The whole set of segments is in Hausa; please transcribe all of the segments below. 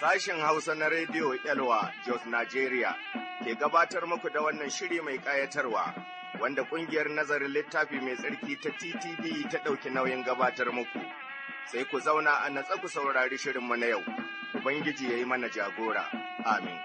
Sashen Hausa na Rediyo Elwa Jos Nigeria ke gabatar muku da wannan shiri mai ƙayatarwa wanda ƙungiyar nazarin littafi mai tsarki ta TTD ta ɗauki nauyin gabatar muku. Sai ku zauna a natsa ku saurari shirinmu na yau, Ubangiji ya yi mana jagora. Amin.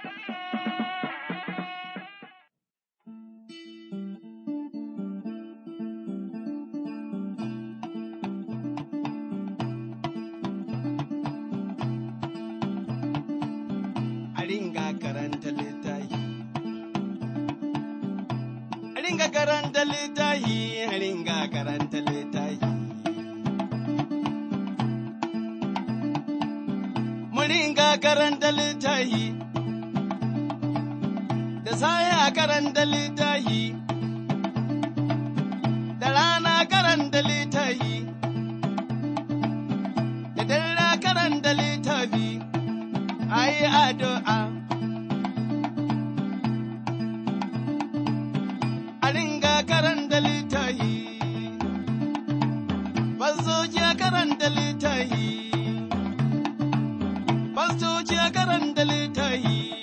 da saya karanta littahi da rana karanta littahi da dare karanta littafi ayi addu'a a ringa karanta littahi bazoji karanta littahi bazoji karanta littahi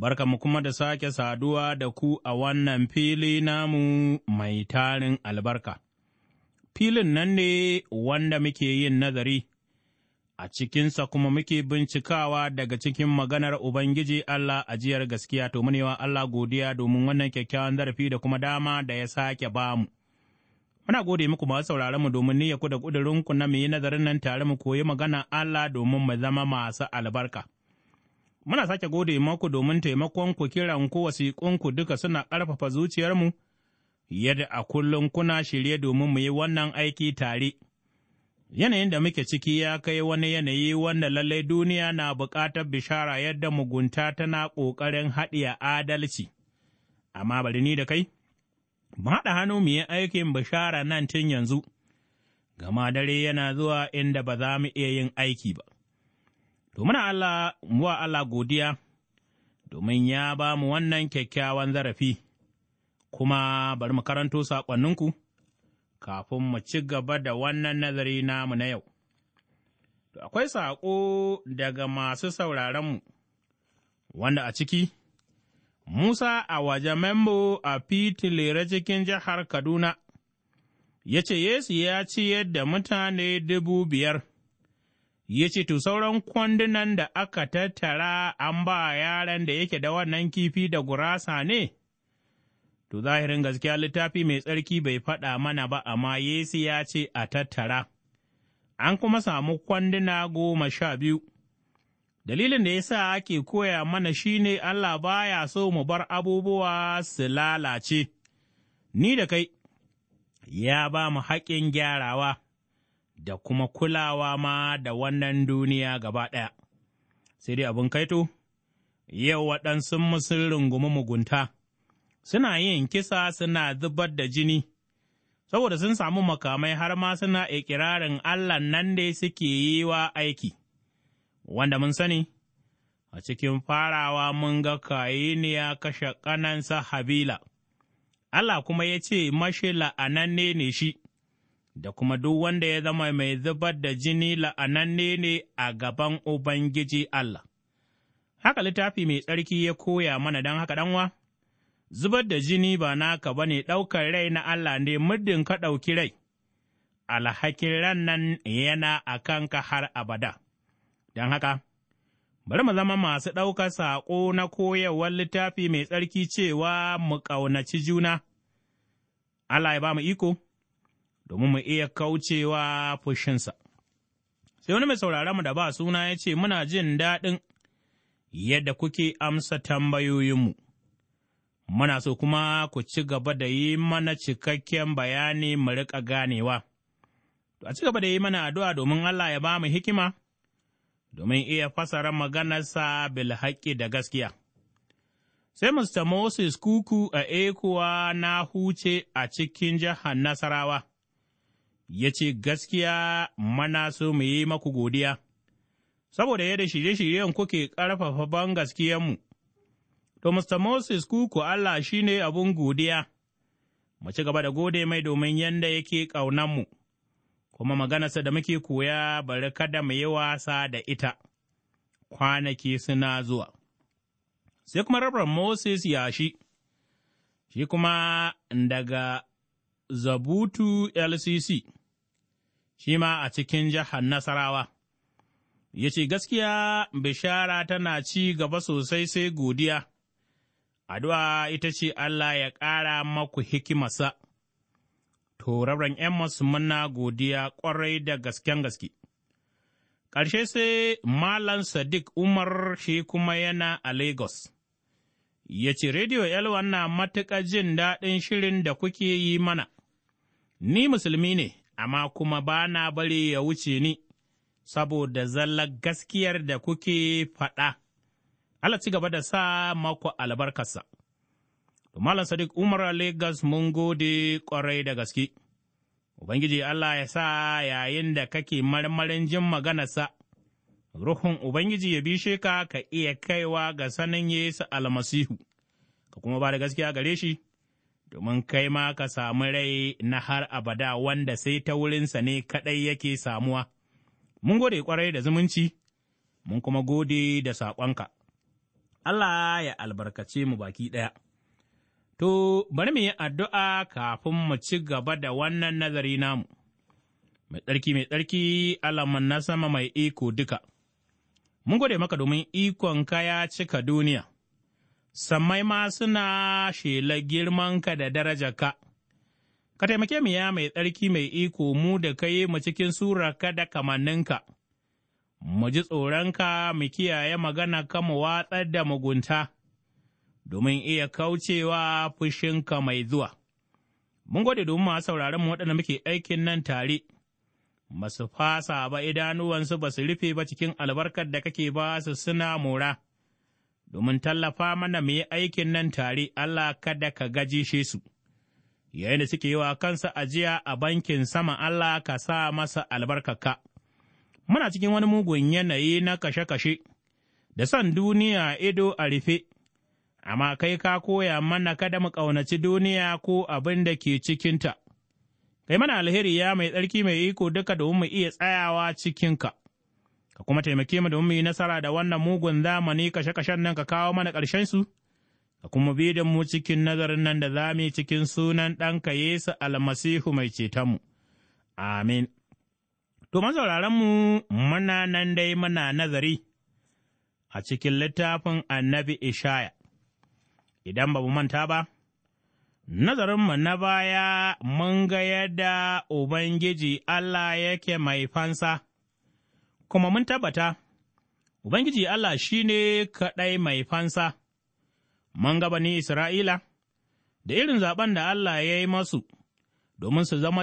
barka mu kuma da sake saduwa da ku a wannan fili namu mai tarin albarka. Filin nan ne wanda muke yin nazari, a cikinsa kuma muke bincikawa daga cikin maganar Ubangiji Allah ajiyar gaskiya to munewa Allah godiya domin wannan kyakkyawan zarafi da kuma dama da ya sake bamu. Muna gode muku masu sauraron mu domin niyya ku da ƙudurinku na mu yi nazarin nan tare mu koyi magana Allah domin mu zama masu albarka. Muna sake gode maku domin taimakon ku kiran ku wasiƙunku duka suna ƙarfafa zuciyarmu, yadda a kullum kuna shirye domin mu yi wannan aiki tare. Yanayin da muke ciki ya kai wani yanayi wanda lallai duniya na buƙatar bishara yadda mugunta tana ƙoƙarin haɗiya adalci. Amma bari ni da kai, mu haɗa hannu mu yi aikin bishara nan tun yanzu, gama dare yana zuwa inda ba za mu iya yin aiki ba. domin Allah wa Allah godiya, domin ya ba mu wannan kyakkyawan zarafi, kuma bari mu karanto saƙonninku kafin mu ci gaba da wannan nazari namu na yau. To Akwai saƙo daga masu sauraronmu, wanda a ciki, Musa a waje membo a fitilere cikin jihar Kaduna, ya ce Yesu ya ciyar da mutane dubu biyar. ya ce, To, sauran kwandunan da aka tattara an ba yaran da yake da wannan kifi da gurasa ne? To, zahirin gaskiya littafi mai tsarki bai faɗa mana ba, amma Yesu ya ce a tattara. An kuma samu kwanduna goma sha biyu. Dalilin da ya sa ake koya mana shi ne Allah baya so mu bar abubuwa su lalace, ni da kai, ya ba mu haƙƙin gyarawa. da kuma kulawa ma da wannan duniya gaba ɗaya. Sai dai abin kaito, yau waɗansu sun rungumi mugunta, suna yin kisa suna zubar da jini, saboda sun samu makamai har ma suna ikirarin Allah nan dai suke yi wa aiki, wanda mun sani. a cikin farawa mun ga kayini ya kashe ƙanansa Habila, Allah kuma ya ce mashi la'ananne ne shi, da kuma duk wanda ya zama mai zubar da jini la'ananne ne a gaban Ubangiji Allah. Haka littafi mai tsarki ya koya mana don haka ɗanwa, zubar da jini ba naka ba ne ɗaukar rai na Allah ne muddin ka ɗauki rai, alhakin ran nan yana a kanka har abada. Don haka, bari mu zama masu ɗaukar saƙo na koyarwar littafi mai tsarki cewa mu ƙaunaci juna, Allah ya ba mu iko. domin mu iya kaucewa fushinsa. Sai wani mai saurara mu da ba suna ya ce, Muna jin daɗin yadda kuke amsa tambayoyinmu, muna so kuma ku ci gaba da yi mana cikakken bayani mu riƙa ganewa. A ci gaba da yi mana addu'a domin Allah ya ba mu hikima, domin iya fasara maganarsa bilhaƙi da gaskiya. Sai Mr. Moses Kuku a ekuwa na huce a cikin jihar Nasarawa. ya ce, Gaskiya mana so mu yi maku godiya, saboda yadda shirye-shiryen kuke ƙarfafa ban gaskiyanmu. To, Mr. Moses kuku Allah shi ne abin godiya, mu ci gaba da gode mai domin yadda yake ƙaunanmu, kuma maganarsa da muke koya bari kada mu yi wasa da ita, kwanaki suna zuwa. Sai kuma rabar Moses yashi, shi kuma daga Zabutu LCC. shi ma a cikin jihar Nasarawa. Ya ce, Gaskiya bishara tana ci gaba sosai sai godiya, addu'a ita ce Allah ya ƙara maku hikimarsa. To, 'yan Emmas muna godiya ƙwarai da gasken gaske. Ƙarshe sai Malam Sadiq Umar shi kuma yana a Lagos. Ya ce, Rediyo L na matuƙa jin daɗin shirin da kuke yi mana, ni musulmi ne. amma kuma ba na bari ya wuce ni, saboda zallar gaskiyar da kuke faɗa. Allah ci gaba da sa mako albarkarsa. Malam Sadiq Umar Lagos mun gode ƙwarai da gaske. Ubangiji Allah ya sa yayin da kake marmarin jin maganarsa, Ruhun Ubangiji ya bishe ka ka iya kaiwa ga sanin Yesu almasihu, ka kuma ba da gaskiya gare shi. domin kai ma ka samu rai na har abada wanda sai ta wurinsa ne kaɗai yake samuwa. Mun gode ƙwarai da zumunci, mun kuma gode da saƙonka. Allah ya albarkace mu baki ɗaya. To, bari mu yi addu'a kafin mu ci gaba da wannan nazari namu. Mai tsarki mai tsarki alaman na sama mai iko duka. Mun gode maka domin ikonka ya cika duniya. sammai ma suna shela girmanka da darajarka. Ka taimake mu ya mai tsarki mai iko mu da ka yi mu cikin surarka da kamanninka, mu ji tsoronka mu kiyaye magana ka mu watsar da mugunta, domin iya kaucewa fushinka mai zuwa. Mun gode domin masu sauraron mu waɗanda muke aikin nan tare, masu fasa ba idanuwansu ba su rufe ba cikin albarkar da kake ba su suna mora. domin tallafa mana mu yi aikin nan tare Allah kada ka shi su. Yayin da suke yi wa kansa ajiya a bankin sama Allah ka sa masa albarkaka. Muna cikin wani mugun yanayi na kashe-kashe, da son duniya ido a rufe, amma kai ka koya mana kada mu ƙaunaci duniya ko abin da ke cikinta. Kai mana alheri ya mai tsarki mai iko duka domin mu iya tsayawa cikinka. ka kuma taimake mu domin mu yi nasara da wannan mugun zamani kashe-kashen nan ka kawo mana ƙarshen su, ka kuma bi da mu cikin nazarin nan da za mu yi cikin sunan ɗanka Yesu almasihu mai cetonmu. Amin. To, mu muna nan dai muna nazari a cikin littafin annabi Ishaya, idan ba mu manta ba, Nazarinmu na baya mun ga yadda Ubangiji Allah yake mai fansa. kuma mun tabbata, Ubangiji Allah shi ne kaɗai mai fansa, mun ni Isra'ila, da irin zaɓen da Allah ya yi masu, domin su zama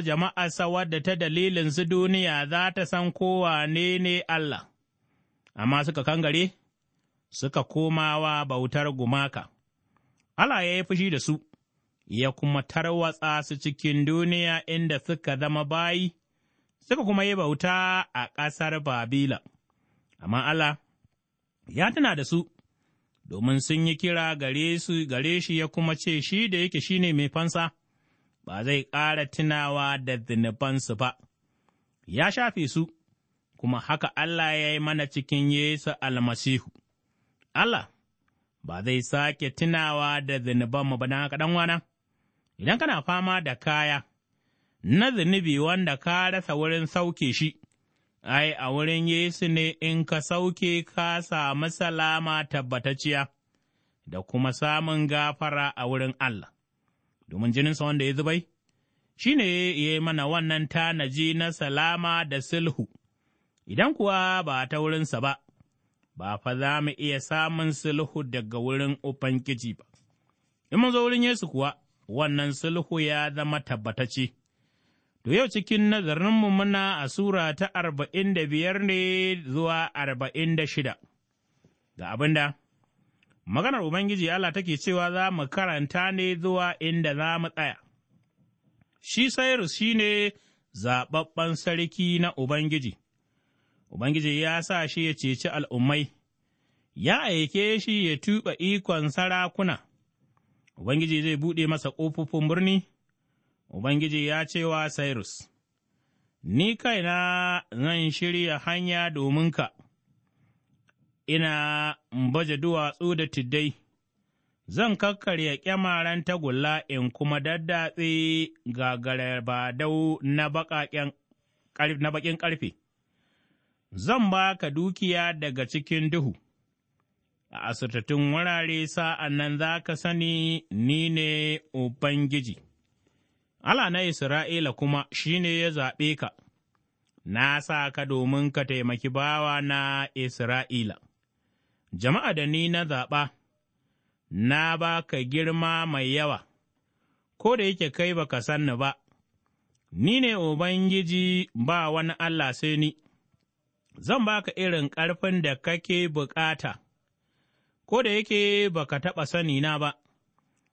sawar da ta dalilin su duniya za ta san kowa ne ne Allah, amma suka kangare, suka komawa bautar gumaka. Allah ya yi fushi da su, ya kuma tarwatsa su cikin duniya inda suka zama bayi. suka kuma yi bauta a ƙasar Babila, amma Allah ya tuna da su, domin sun yi kira gare gare shi ya kuma ce shi da yake shi ne mai fansa, ba zai ƙara tunawa da zinubansu ba, ya shafe su, kuma haka Allah ya yi mana cikin Yesu almasihu. Allah ba zai sake tunawa da zinubanmu ba na kaɗan wana, idan kana fama da kaya. na zunubi wanda ka rasa wurin sauke shi, ai, a wurin Yesu ne in ka sauke ka samu salama tabbatacciya da kuma samun gafara a wurin Allah, domin jininsa wanda ya zubai, shi ne ya yi mana wannan tanaji na salama da sulhu, idan kuwa ba ta wurinsa ba, ba fa za mu iya samun sulhu daga wurin Ubangiji ba. In mun zo wurin Yesu kuwa, wannan sulhu ya zama tabbatacce. To yau cikin nazarinmu muna a Sura ta arba'in da biyar ne zuwa arba'in da shida. Ga abin da, maganar Ubangiji Allah take cewa za mu karanta ne zuwa inda za mu tsaya. Shi Sairus shi ne zaɓaɓɓen sarki na Ubangiji, Ubangiji ya sa shi ya ceci al'ummai, ya aike shi ya tuɓa ikon sarakuna, Ubangiji zai buɗe masa ƙofofin birni. Ubangiji ya ce wa Cyrus, Ni kaina zan shirya hanya domin ka. ina baje duwatsu da tiddai, zan kakkarya ƙyamaren tagulla in kuma daddatse gagarar badau na baƙin ƙarfe, zan ba ka dukiya daga cikin duhu. a asirtattun wurare sa'an nan za ka sani ni ne Ubangiji. Allah na Isra'ila kuma shi ne ya zaɓe ka, na sa ka domin ka taimaki bawa na Isra'ila, jama'a da ni na zaɓa, na ba ka girma mai yawa, ko da yake kai ba ka sanni ba, ni ne Ubangiji ba wani Allah sai ni, zan ba ka irin ƙarfin da kake bukata, ko da yake ba ka taɓa na ba.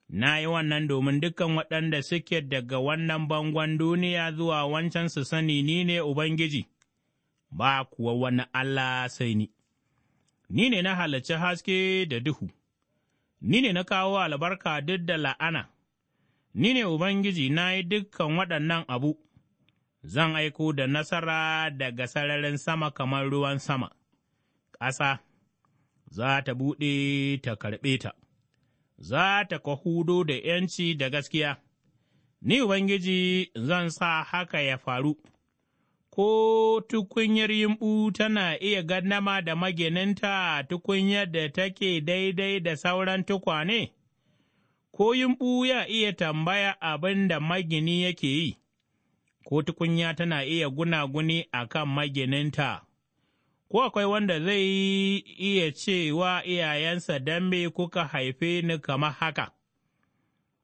Na yi wannan domin dukan waɗanda suke daga wannan bangon duniya zuwa wancan su sani ni ne Ubangiji, ba kuwa wani Allah sai ni. Ni ne na halarci haske da duhu, ni ne na kawo albarka duk da la'ana, ni ne Ubangiji na yi dukan waɗannan abu, zan aiko da nasara daga sararin sama kamar ruwan sama, ƙasa za ta buɗe ta karɓe ta. za ta kwahudo da ’yanci da gaskiya, ni Ubangiji zan sa haka ya faru, ko tukunyar yimbu tana iya gannama da magininta tukunyar da take daidai da sauran tukwane, ko yimbu ya iya tambaya abin da magini yake yi, ko tukunya tana iya gunaguni a kan magininta. ko akwai wanda zai iya cewa iyayensa don me kuka haife ni kamar haka,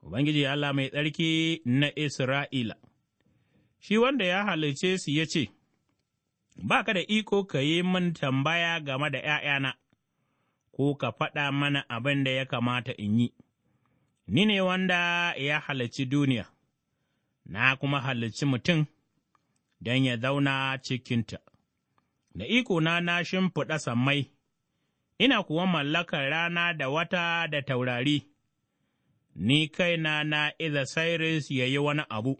Ubangiji Allah mai tsarki na Isra'ila, shi wanda ya halice su ya ce, Ba ka da iko ka yi min tambaya game da ’ya'yana, ko ka faɗa mana abin da ya kamata in yi, ni ne wanda ya halici duniya, na kuma halici mutum don ya zauna cikinta. da ikona na shimfiɗa sammai, ina kuwa mallakar rana da wata da taurari, ni kaina na iza sairis ya yi wani abu,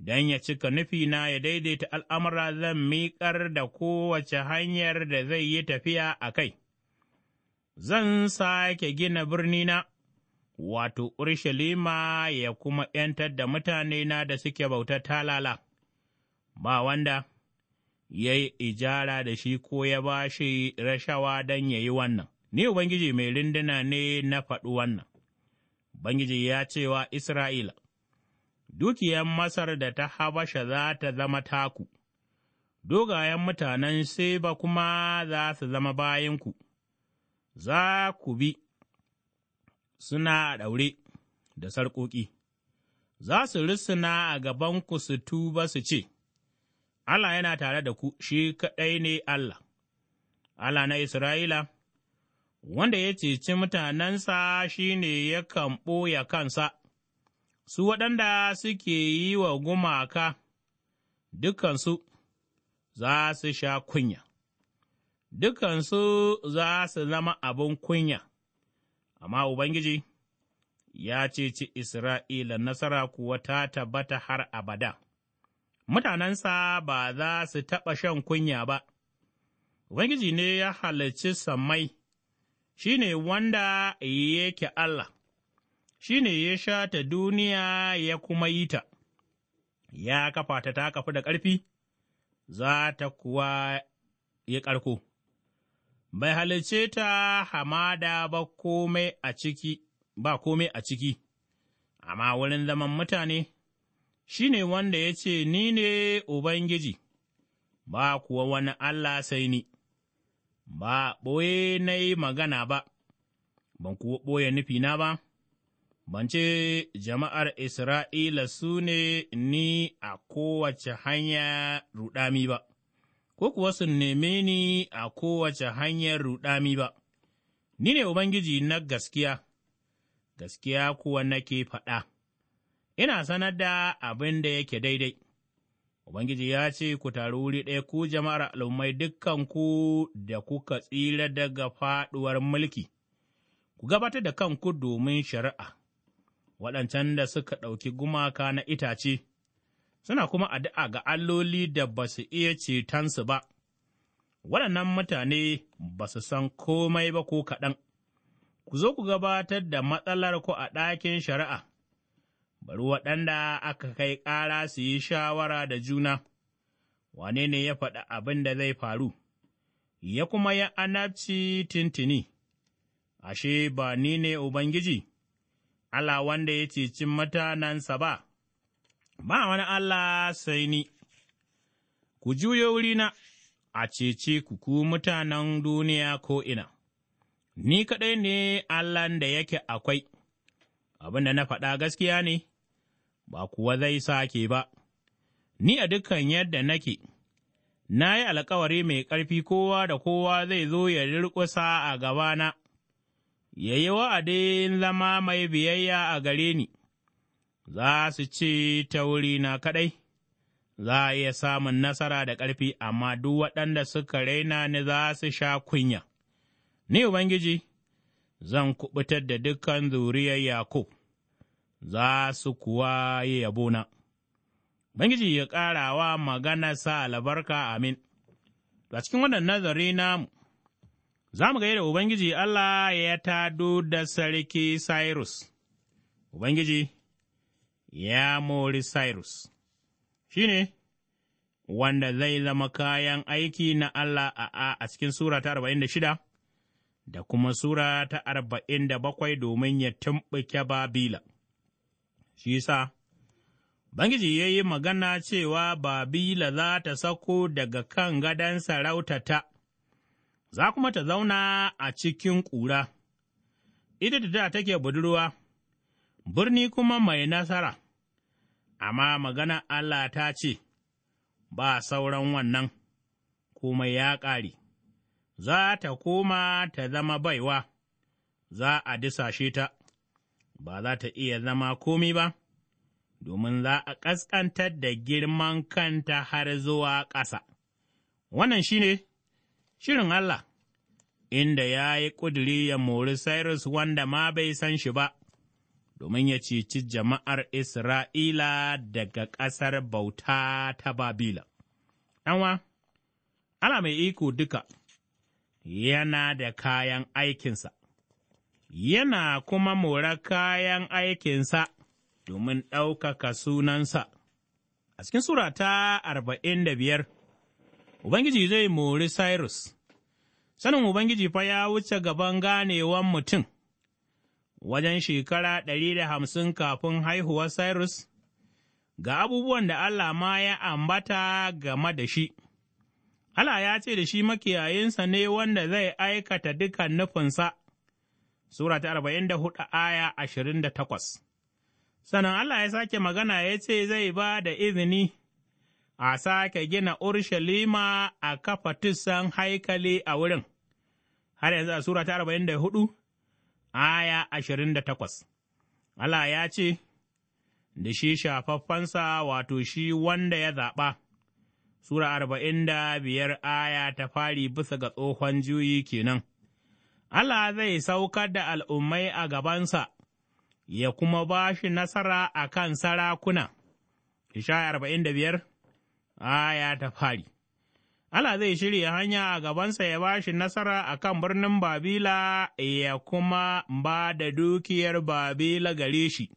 don ya cika nufina ya daidaita al'amura zan miƙar da kowace hanyar da zai yi tafiya a kai. Zan sake gina birnina, wato Urshalima ya kuma ’yantar da mutanena da suke bautar talala, ba wanda. ya yi ijara da shi ko ya ba shi rashawa don ya yi wannan. Ni Ubangiji mai rinduna ne na faɗi wannan. Ubangiji ya ce wa Isra'ila, Dukiyar Masar da ta Habasha za ta zama taku, dogayen mutanen sai ba kuma za su zama bayanku, za ku bi, suna ɗaure da sarƙoƙi, za su rusuna a gabanku su tuba su ce, Allah yana tare da ku, shi kaɗai ne Allah, Allah na Isra'ila, wanda ya ceci mutanensa shi ne yakan ɓoya kansa, su waɗanda suke yi wa gumaka dukansu za su sha kunya, dukansu za su zama abin kunya, amma Ubangiji ya ceci Isra'ila nasara kuwa ta tabbata har abada. mutanensa ba za su taɓa shan kunya ba. Ubangiji ne ya halarci samai, shi ne wanda yake Allah, shi ne ya sha ta duniya ya kuma yi ta, ya kafa ta ta kafu da ƙarfi, za ta kuwa yi ƙarko. Bai halice ta hamada ba komai ba komai a ciki, amma wurin zaman mutane. shi ne wanda ya ce, Ni ne Ubangiji, ba kuwa wani Allah sai ni, ba ɓoye na yi magana ba, ban kuwa ɓoye nufina ba, ban ce jama'ar Isra'ila su ne ni a kowace hanya ruɗami ba, ko kuwa sun neme ni a kowace hanyar ruɗami ba, ni ne Ubangiji na gaskiya, gaskiya kuwa nake faɗa. ina sanar da abin da yake daidai. Ubangiji ya ce, Ku taru wuri ɗaya ku jama'ar al'ummai dukanku da kuka tsira daga faɗuwar mulki, ku gabatar da kanku domin shari'a, waɗancan da suka ɗauki gumaka na itace, suna kuma addu'a ga alloli da ba su iya cetonsu ba, waɗannan mutane ba su san komai ba ko kaɗan, ku zo ku gabatar da matsalar ku a ɗakin shari'a. bari waɗanda aka kai ƙara su yi shawara da juna, wane ne ya faɗi abin da zai faru, ya kuma ya anaci tintini, ashe ba ni ne Ubangiji, Allah wanda ya ceci mutanensa ba, ba wani Allah sai ni, ku juyo wurina a cece ku ku mutanen duniya ko ina. ni kaɗai ne Allahn da yake akwai. abin da na faɗa gaskiya ne, ba kuwa zai sake ba. Ni a dukkan yadda nake, na yi alkawari mai ƙarfi kowa da kowa zai zo ya durƙusa a gabana, ya yi wa'adin zama mai biyayya a gare ni, za su ce ta wurina kaɗai, za a iya samun nasara da ƙarfi, amma duk waɗanda suka raina ni za su sha kunya. Ni Ubangiji, zan kubutar da dukan zuriyar Yakub, za su kuwa yi yabona. Bangiji ya ƙarawa magana sa albarka amin. A cikin wannan nazari namu, za mu da Ubangiji Allah ya tado da sarki Cyrus, Ubangiji ya mori Cyrus, shi ne wanda zai zama kayan aiki na Allah a cikin Sura ta arba'in da shida. da kuma Sura ta arba'in da bakwai domin ya tumɓuke Babila. Shi sa, Bangiji ya yi magana cewa Babila za ta sako daga kan gadon sarautata, za kuma ta zauna a cikin ƙura, ita da take budurwa, birni kuma mai nasara, amma magana Allah ta ce, Ba sauran wannan, kuma ya ƙare. za ta koma ta zama baiwa, za a disashe ta, ba za ta iya zama komi ba, domin za a ƙasƙantar da girman kanta har zuwa ƙasa. Wannan shi ne shirin Allah, inda ya yi ƙuduri ya mori Cyrus wanda ma bai san shi ba, domin ya ceci jama'ar Isra'ila daga ƙasar bauta ta Babila. ‘Yanwa, Ana mai iko duka. yana da kayan aikinsa, yana kuma mora kayan aikinsa domin ɗaukaka sunansa. A cikin Sura ta arba'in da biyar, Ubangiji zai mori Cyrus, sanin Ubangiji fa ya wuce gaban ganewan mutum, wajen shekara ɗari da hamsin kafin haihuwar Cyrus, ga abubuwan da Allah ma ya ambata game da shi. Allah ya ce da shi makiyayinsa ne wanda zai aikata dukan nufinsa. Sura ta arba'in da hudu aya ashirin da takwas. Sannan Allah ya sake magana ya ce zai ba da izini a sake gina Urshalima a kafa tussan haikali a wurin, har yanzu a Sura ta arba'in da hudu aya ashirin da takwas. Allah ya ce, Da shi shafaffensa wato shi wanda ya zaɓa. Sura arba'in da biyar aya ta fari bisa ga tsohon juyi kenan. Allah zai saukar da al'ummai a gabansa, ya kuma ba shi nasara a kan sarakuna. Ishaya arba'in da biyar aya ta fari. Allah zai shirya hanya a gabansa ya ba shi nasara a kan birnin Babila ya kuma ba da dukiyar Babila gare shi.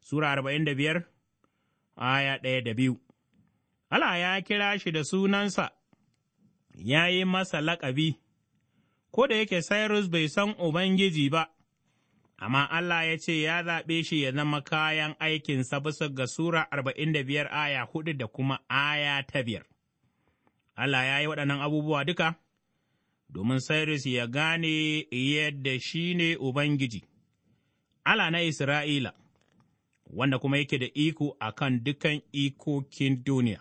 Sura arba'in da biyar, aya ɗaya da biyu. Allah ya kira shi da sunansa, ya yi masa laƙabi, ko da yake Cyrus bai san Ubangiji ba, amma Allah ya ce ya zaɓe shi ya zama kayan aikinsa bisa ga Sura arba'in da biyar aya hudu da kuma aya ta biyar. Allah ya yi waɗannan abubuwa duka, domin Cyrus ya gane yadda shi ne Ubangiji, Allah na Isra'ila, wanda kuma yake da iko a kan dukan ikokin duniya.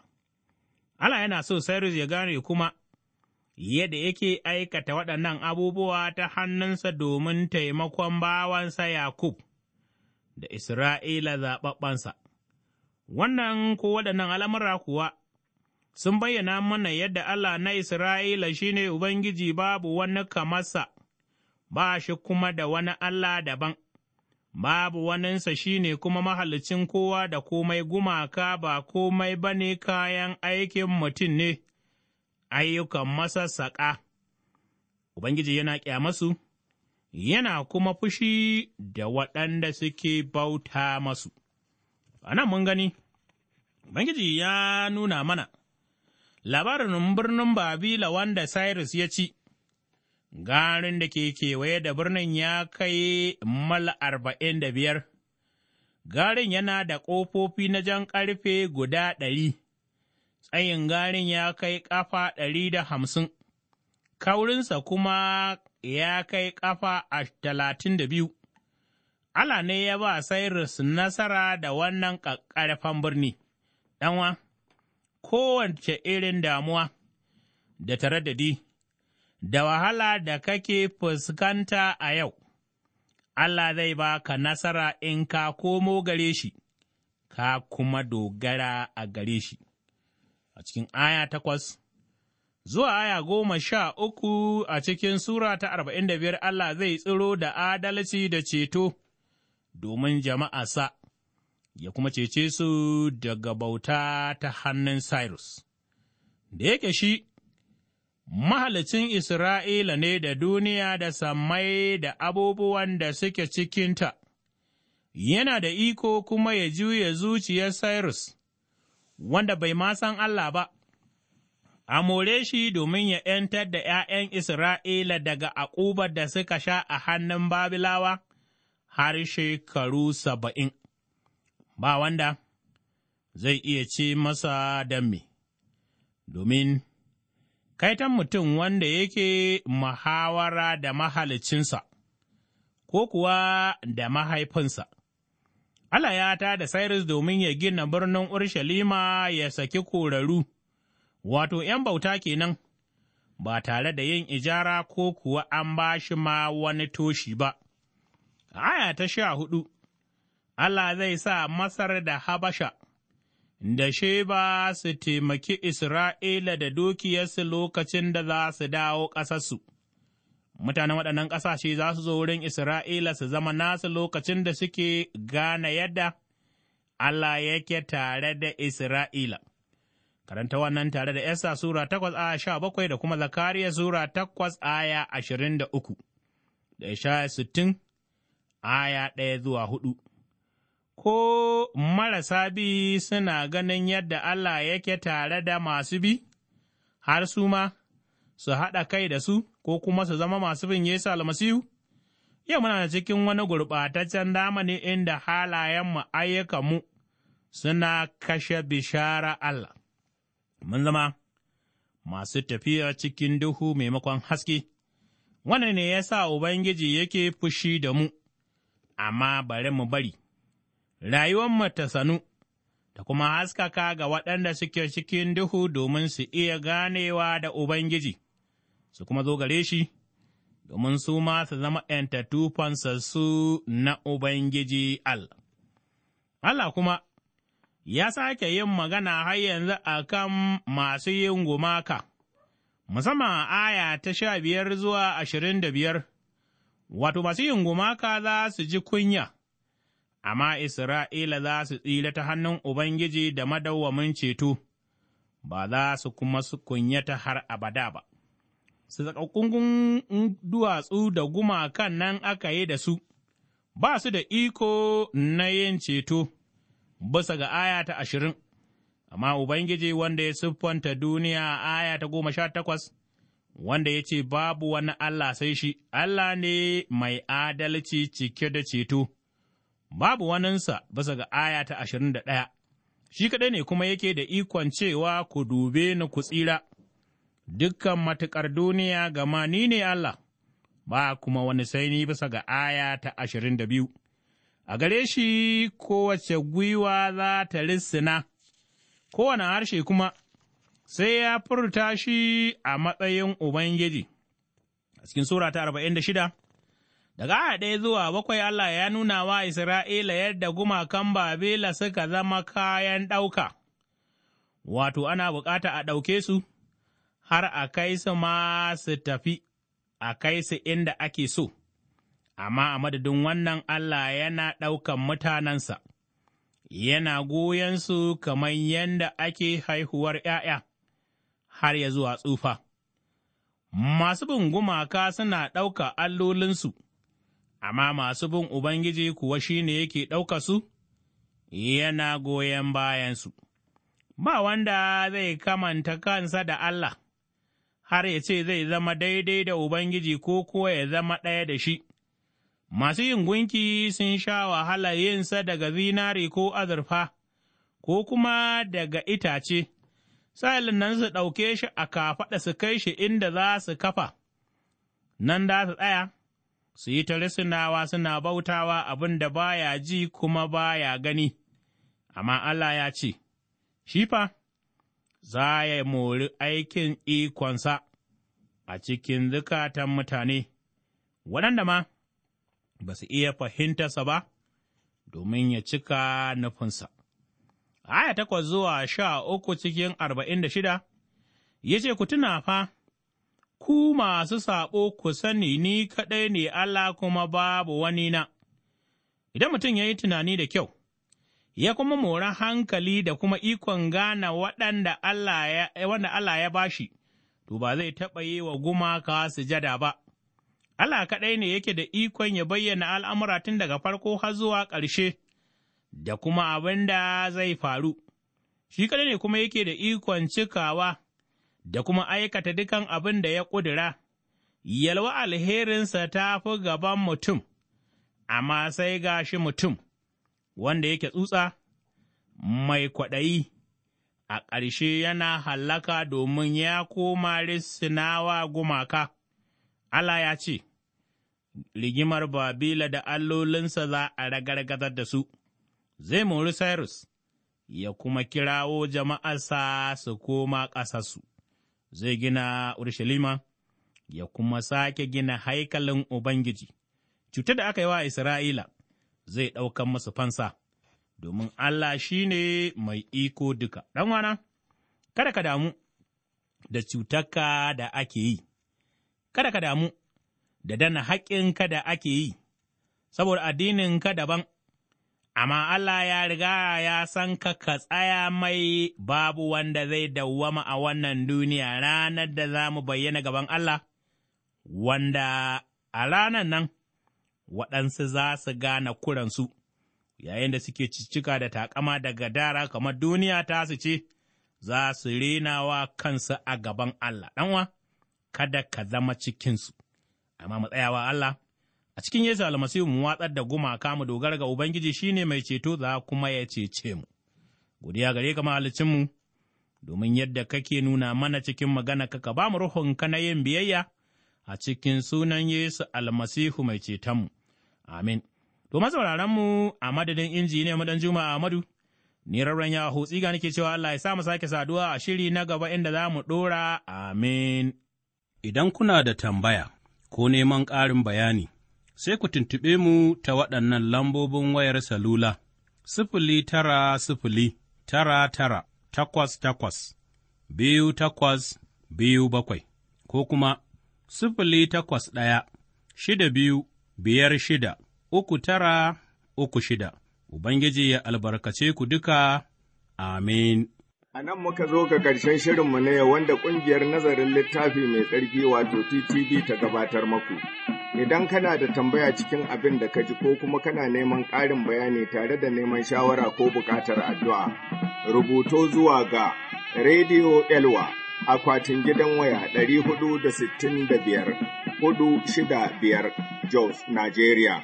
Allah yana so Sairus ya gane kuma yadda yake aikata waɗannan abubuwa ta hannunsa domin taimakon bawansa Yakub da Isra'ila zaɓaɓɓansa. Wannan ko waɗannan al'amura kuwa sun bayyana mana yadda Allah na Isra'ila shi ne Ubangiji babu wani kamarsa, ba shi kuma da wani Allah daban, babu waninsa shi ne kuma mahalicin kowa da komai gumaka ba komai ba ne kayan aikin mutum ne, ayyukan masassaƙa. Ubangiji yana ƙyamasu, yana kuma fushi da waɗanda suke bauta masu. Anan mun gani, Ubangiji ya nuna mana, labarin birnin Babila wanda Cyrus ya ci. garin da ke kewaye da birnin ya kai mal arba'in da biyar, garin yana da ƙofofi na jan ƙarfe guda ɗari, tsayin garin ya kai ƙafa ɗari da hamsin, kaurinsa kuma ya kai ƙafa a talatin da biyu. Allah ne ya ba Cyrus nasara da wannan ƙaƙƙarfan birni, ɗanwa, kowace irin damuwa da tare da di. da wahala da kake fuskanta a yau, Allah zai ba ka nasara in ka komo gare shi, ka kuma dogara a gare shi. A cikin aya takwas, zuwa aya goma sha uku a cikin Sura ta arba'in da biyar Allah zai tsiro da adalci da ceto domin jama'a sa, ya kuma cece su daga bauta ta hannun Cyrus. Da yake shi, mahalicin Isra'ila ne da duniya da sammai da abubuwan da suke cikinta, yana da iko kuma ya juya zuciyar Cyrus, wanda bai ma san Allah ba, a more shi domin ya ’yantar da ’ya'yan Isra'ila daga aƙubar da suka sha a hannun Babilawa har shekaru saba'in, ba wanda zai iya ce masa dami domin kaitan mutum wanda yake mahawara da mahalicinsa, ko kuwa da mahaifinsa. Allah ya ta da Cyrus domin ya gina birnin Urshalima ya saki korarru, wato ’yan bauta kenan, ba tare da yin ijara ko kuwa an ba shi ma wani toshi ba. Aya ta sha hudu, Allah zai sa Masar da Habasha da ba su taimaki Isra'ila da dukiyarsu lokacin da za su dawo ƙasarsu. Mutanen waɗannan ƙasashe za su zo wurin Isra'ila su zama nasu lokacin da suke gane yadda Allah yake tare da Isra'ila. Karanta wannan tare da Esa Sura takwas aya sha bakwai da kuma Zakariya Sura takwas aya ashirin da uku, da sha sittin aya ɗaya zuwa hudu. ko marasa bi suna ganin yadda Allah yake tare da masu bi, har su ma su haɗa kai da su ko kuma su zama masu bin Yesu almasihu? Yau muna da cikin wani gurɓataccen zamani inda halayen mu ayyukanmu suna kashe bishara Allah. Mun zama masu tafiya cikin duhu maimakon haske, wannan ne ya sa Ubangiji yake fushi da mu, amma bari mu bari. rayuwar ta sanu, ta kuma haskaka ga waɗanda suke cikin duhu domin su iya ganewa da Ubangiji, su kuma zo gare shi, domin su ma su zama ’yantattu su na Ubangiji Allah. Allah kuma ya sake yin magana har yanzu a kan masu yin gumaka, musamman aya ta sha biyar zuwa ashirin da biyar, wato masu yin gumaka za su ji kunya. amma Isra'ila za su tsira ta hannun Ubangiji da madawwamin ceto, ba za su kuma su kunyata har abada ba. Su tsakakkun duwatsu da gumakan nan aka yi da su, ba su da iko na yin ceto, bisa ga aya ta ashirin, amma Ubangiji wanda ya siffanta duniya aya ta goma sha takwas. wanda ya ce babu wani Allah sai shi, Allah ne mai adalci cike da ceto, babu waninsa bisa ga aya ta ashirin da ɗaya, shi kaɗai ne kuma yake da ikon cewa ku dube na ku tsira, dukkan matuƙar duniya gama ni ne Allah, ba kuma wani saini bisa ga aya ta ashirin da biyu. A gare shi kowace gwiwa za ta lissina. kowane harshe kuma sai ya furta shi a matsayin Ubangiji. A cikin Sura ta arba'in da shida, Daga aya ɗaya zuwa bakwai Allah ya nuna wa Isra'ila yadda gumakan Babila suka zama kayan ɗauka, wato, ana bukata a ɗauke su, har a kai su ma su tafi, a kai su inda ake so, amma a madadin wannan Allah yana ɗaukan mutanensa, yana su kamar yadda ake haihuwar ’ya'ya, har ya zuwa tsufa. Masu bin gumaka suna ɗauka allolinsu. amma masu bin Ubangiji kuwa shi ne yake ɗauka su, yana goyon bayansu. Ba wanda zai kamanta kansa da Allah, har ya ce zai zama daidai da Ubangiji ko kuwa ya zama ɗaya da shi. Masu yin gunki sun sha wahala yinsa daga zinari ko azurfa, ko kuma daga itace, sa'ilin nan su ɗauke shi a kafaɗa su kai shi inda za su kafa, nan da su tsaya. su yi ta rasunawa suna bautawa abin da baya ji kuma baya gani, amma Allah ya ce, Shi fa, za ya mori aikin ikonsa a cikin zukatan mutane, waɗanda ma ba su iya fahimtarsa ba, domin ya cika nufinsa. Aya takwas zuwa sha uku cikin arba'in da shida, ya ce, Ku tuna fa, ku masu saɓo ku sani ni kaɗai ne Allah kuma babu wani na. Idan mutum ya yi tunani da kyau, ya kuma mora hankali da kuma ikon gane waɗanda Allah ya bashi, to ba zai taɓa yi wa gumaka sujada ba. Allah kaɗai ne yake da ikon ya bayyana al'amura tun daga farko har zuwa ƙarshe, da kuma abin da zai faru, shi kaɗai ne kuma yake da ikon cikawa da kuma aikata dukan abin da ya ƙudura, yalwa alherinsa ta fi gaban mutum, amma sai ga shi mutum, wanda yake tsutsa, mai kwaɗayi, a ƙarshe yana hallaka domin ya koma risinawa gumaka. Allah ya ce, Rigimar Babila da allolinsa za a ragargazar da su, zai mori Cyrus, ya kuma kirawo jama'arsa su koma ƙasarsu. zai gina Urushalima ya kuma sake gina haikalin Ubangiji. Cutar da aka yi wa Isra'ila zai ɗaukan masu fansa, domin Allah shi ne mai iko duka. Ɗanwana, kada ka damu da cutarka da ake yi, kada ka damu da dana haƙƙinka da ake yi, saboda addinin ka daban amma Allah ya riga ya san ka ka tsaya mai babu wanda zai dawwama a wannan duniya ranar da za mu bayyana gaban Allah, wanda a ranar nan waɗansu za su gane kuransu, yayin da suke cicika da takama daga dara kamar duniya ta su ce, za su renawa kansu a gaban Allah, ɗanwa, kada ka zama cikinsu, amma mu tsayawa Allah. A cikin Yesu almasihu mu watsar da gumaka mu dogara ga Ubangiji shi ne mai ceto za kuma ya cece mu. Godiya gare ka mu domin yadda kake nuna mana cikin magana kaka, ba mu ruhunka na yin biyayya a cikin sunan Yesu almasihu mai cetonmu. Amin. Domin sauraron mu a madadin inji ne madan Juma'a Amadu, ni rarren ya hotsi ga nake cewa Allah ya sa mu sake saduwa a shiri na gaba inda za mu ɗora. Amin. Idan kuna da tambaya ko neman ƙarin bayani, sai ku tuntuɓe mu ta waɗannan lambobin wayar salula, sifili tara sifili, tara tara, takwas takwas, biyu takwas biyu bakwai, ko kuma sifili takwas ɗaya, shida biyu, biyar shida, uku tara, uku shida. Ubangiji ya albarkace ku duka, amin. A nan muka zo ga ƙarshen shirinmu ne wanda ƙungiyar nazarin littafi mai tsarki wato TTV ta gabatar maku. Idan kana da tambaya cikin abin da ka ji ko kuma kana neman ƙarin bayani tare da neman shawara ko buƙatar addu'a, rubuto zuwa ga Radio Elwa akwatin gidan waya 465 biyar Jos, Najeriya.